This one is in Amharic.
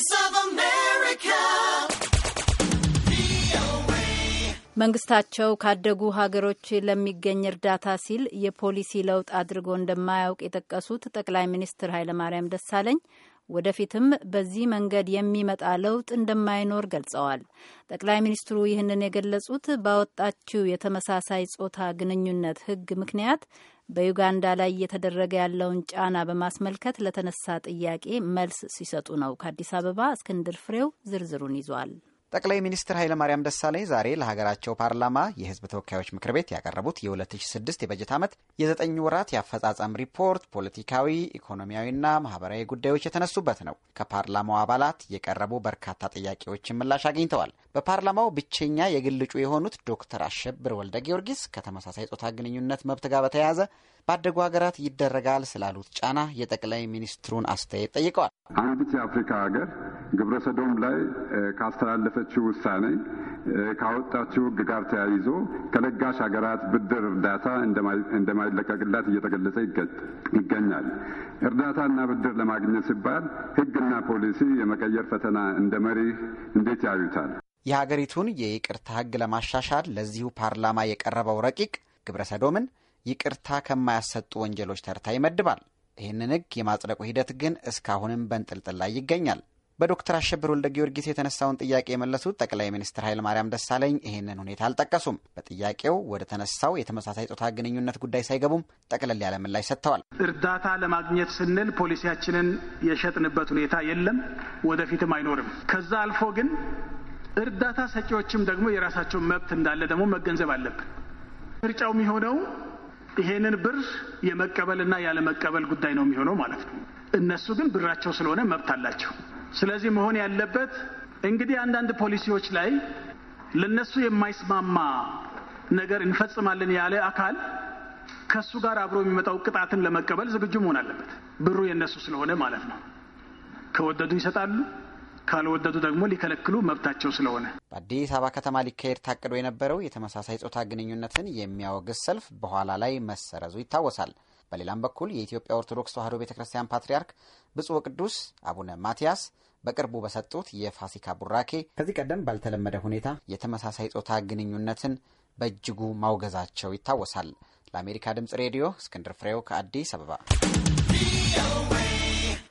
Voice መንግስታቸው ካደጉ ሀገሮች ለሚገኝ እርዳታ ሲል የፖሊሲ ለውጥ አድርጎ እንደማያውቅ የጠቀሱት ጠቅላይ ሚኒስትር ኃይለማርያም ደሳለኝ ወደፊትም በዚህ መንገድ የሚመጣ ለውጥ እንደማይኖር ገልጸዋል። ጠቅላይ ሚኒስትሩ ይህንን የገለጹት ባወጣችው የተመሳሳይ ጾታ ግንኙነት ሕግ ምክንያት በዩጋንዳ ላይ እየተደረገ ያለውን ጫና በማስመልከት ለተነሳ ጥያቄ መልስ ሲሰጡ ነው። ከአዲስ አበባ እስክንድር ፍሬው ዝርዝሩን ይዟል። ጠቅላይ ሚኒስትር ኃይለማርያም ደሳለኝ ዛሬ ለሀገራቸው ፓርላማ የሕዝብ ተወካዮች ምክር ቤት ያቀረቡት የ2006 የበጀት ዓመት የዘጠኝ ወራት የአፈጻጸም ሪፖርት ፖለቲካዊ፣ ኢኮኖሚያዊና ማህበራዊ ጉዳዮች የተነሱበት ነው። ከፓርላማው አባላት የቀረቡ በርካታ ጥያቄዎችን ምላሽ አግኝተዋል። በፓርላማው ብቸኛ የግል ዕጩ የሆኑት ዶክተር አሸብር ወልደ ጊዮርጊስ ከተመሳሳይ ጾታ ግንኙነት መብት ጋር በተያያዘ ባደጉ ሀገራት ይደረጋል ስላሉት ጫና የጠቅላይ ሚኒስትሩን አስተያየት ጠይቀዋል። አንዲት የአፍሪካ ሀገር ግብረ ሰዶም ላይ ካስተላለፈችው ውሳኔ ካወጣችው ሕግ ጋር ተያይዞ ከለጋሽ ሀገራት ብድር እርዳታ እንደማይለቀቅላት እየተገለጸ ይገኛል። እርዳታና ብድር ለማግኘት ሲባል ሕግና ፖሊሲ የመቀየር ፈተና እንደ መሪ እንዴት ያዩታል? የሀገሪቱን የይቅርታ ሕግ ለማሻሻል ለዚሁ ፓርላማ የቀረበው ረቂቅ ግብረ ሰዶምን ይቅርታ ከማያሰጡ ወንጀሎች ተርታ ይመድባል። ይህንን ሕግ የማጽደቁ ሂደት ግን እስካሁንም በንጥልጥል ላይ ይገኛል። በዶክተር አሸብር ወልደ ጊዮርጊስ የተነሳውን ጥያቄ የመለሱት ጠቅላይ ሚኒስትር ኃይለማርያም ደሳለኝ ይህንን ሁኔታ አልጠቀሱም። በጥያቄው ወደ ተነሳው የተመሳሳይ ጾታ ግንኙነት ጉዳይ ሳይገቡም ጠቅለል ያለ ምላሽ ሰጥተዋል። እርዳታ ለማግኘት ስንል ፖሊሲያችንን የሸጥንበት ሁኔታ የለም፣ ወደፊትም አይኖርም። ከዛ አልፎ ግን እርዳታ ሰጪዎችም ደግሞ የራሳቸውን መብት እንዳለ ደግሞ መገንዘብ አለብን። ምርጫው የሚሆነው ይሄንን ብር የመቀበልና ያለመቀበል ጉዳይ ነው የሚሆነው ማለት ነው። እነሱ ግን ብራቸው ስለሆነ መብት አላቸው። ስለዚህ መሆን ያለበት እንግዲህ አንዳንድ ፖሊሲዎች ላይ ለነሱ የማይስማማ ነገር እንፈጽማለን ያለ አካል ከሱ ጋር አብሮ የሚመጣው ቅጣትን ለመቀበል ዝግጁ መሆን አለበት። ብሩ የነሱ ስለሆነ ማለት ነው። ከወደዱ ይሰጣሉ፣ ካልወደዱ ደግሞ ሊከለክሉ መብታቸው ስለሆነ በአዲስ አበባ ከተማ ሊካሄድ ታቅዶ የነበረው የተመሳሳይ ጾታ ግንኙነትን የሚያወግዝ ሰልፍ በኋላ ላይ መሰረዙ ይታወሳል። በሌላም በኩል የኢትዮጵያ ኦርቶዶክስ ተዋሕዶ ቤተ ክርስቲያን ፓትርያርክ ብፁዕ ወቅዱስ አቡነ ማትያስ በቅርቡ በሰጡት የፋሲካ ቡራኬ ከዚህ ቀደም ባልተለመደ ሁኔታ የተመሳሳይ ጾታ ግንኙነትን በእጅጉ ማውገዛቸው ይታወሳል። ለአሜሪካ ድምፅ ሬዲዮ እስክንድር ፍሬው ከአዲስ አበባ